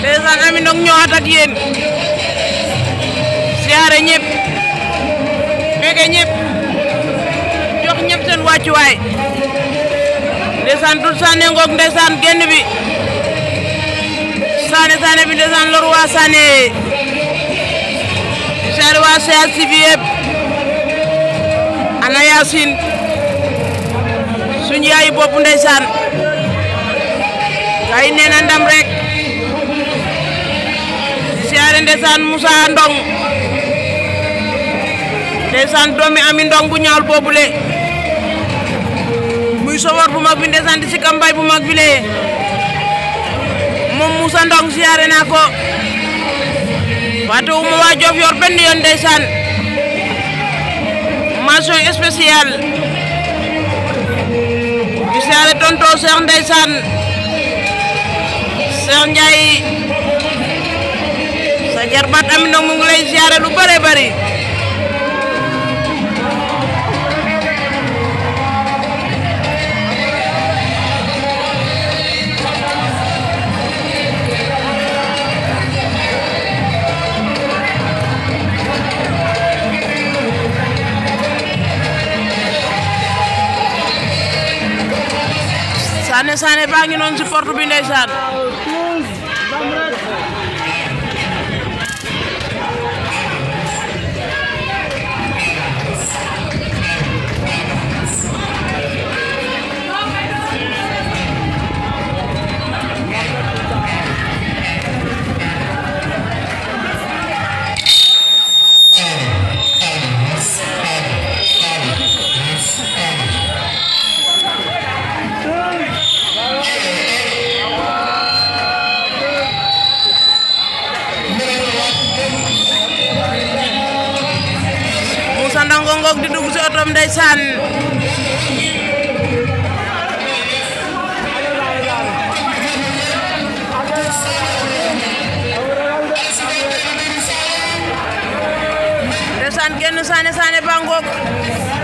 ndeysaan Ami Ndong ñëwaat ak yéen siyaare ñëpp bege ñëpp jox ñëpp seen wàccuwaay ndeysaan tut Sané ngoog ndeysaan genn bi Sané Sané bi ndeysaan lor waa Sané siyaare waa ana Yacine suñu yaayu bopp ndeysaan kay nee ndam rek ne ndeysaan Moussa Ndong doomi Ami Ndong bu ñaawul boobule muy sowor bu mag bi ndeysaan di si kambay bu mag bi lee moom Moussa Ndong siyaare naa ko fàtte wu waa Joof yor benn yoon ndeysaan mention spéciale di siyaare tonton Cheikh ndeysaan Cheikh Ndiaye sa jarbaat Amina mu ngi bare bari Sané Sané baa ngi noon ci porte bi ndeysaan Ndiago ngoog di dugg si otoom ndeysaan ndeysaan génn